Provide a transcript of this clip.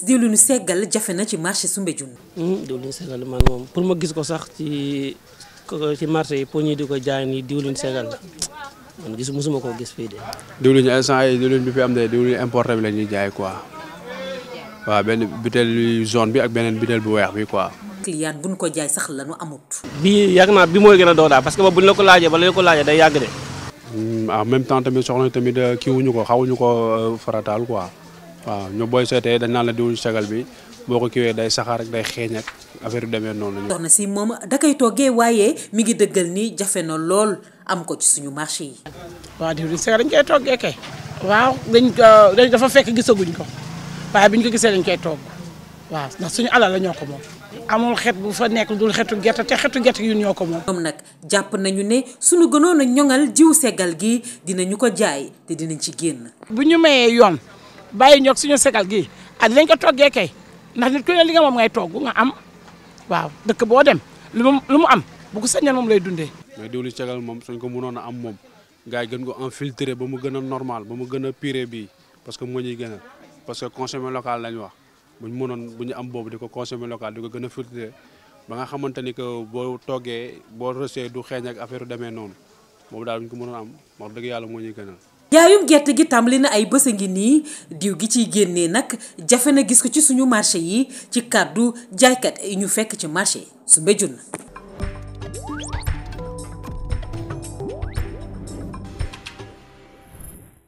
diwlinu seggal jafe na ci marché Soumbédioune. Hmm, diwlinu man moom pour ma gis ko sax ci ci yi pour ñu di ko jaay nii diwlinu seggal la man gis mosuma koo gis fii de. diwlinu instant yi diwlin bi fi am de diwlin importé bi la ñuy jaay quoi waaw benn butéel jaune bi ak beneen butéel bu weex bi quoi. client bu ko jaay sax la ñu amut. bii yàgg naa bi mooy gën a doon daal parce que ba la ko laajee ba la ko laajee day yàgg de. Mm, en même temps tamit soxna tamit euh, kii wuñu ko xawuñu ko euh, farataal ko waaw ñu booy seetee dañ naa la diwul segal bi boo ko kiiwee day saxaar ak day xeeñ ak affaire yu demee noonu la. soxna si moom da koy toggee waaye mi ngi dëggal ni jafe na lool am ko ci suñu marché yi. waaw diwlin sagal dañ koy toggee kay. waaw dañ euh, dafa fekk gisaguñ ko waaye biñ ko gisee dañ koy togg. waaw ndax suñu alal la ñoo ko moom amul xet bu fa nekk dul xetu gerte te xetu gerte yu ñoo ko moom. ñoom nag jàpp nañu ne suñu gënoon a ñoŋal jiw segal gii gi ñu ko jaay te dinañ ci génn. bu ñu mayee yoon bàyyi ñoog suñu segal gi ah dinañ ko toggee kay ndax nit ku li nga moom ngay togg nga am waaw dëkk boo dem lu mu lu mu am bu ko moom lay dundee. mais diwli segal moom suñ ko munoon a am moom gars gën ko infiltrer ba mu gën a normal ba mu gën a pire bii parce que moo ñuy a parce que conseil local lañ wax. bu ñu mënoon bu ñu am boobu di ko consommer local di ko gën a filtrer ba nga xamante ni que boo toggee boo rësee du xeeñ ak affaire demee noonu boobu daal bu ñu ko mënoon am wax dëgg yàlla moo ñuy gënal. yaayum gerte gi tàmbali na ay bës a ngi nii diw gi ciy génnee nag jafe na gis ko ci suñu marché yi ci kàddu jaaykat yi ñu fekk ci marché yi su mbéjun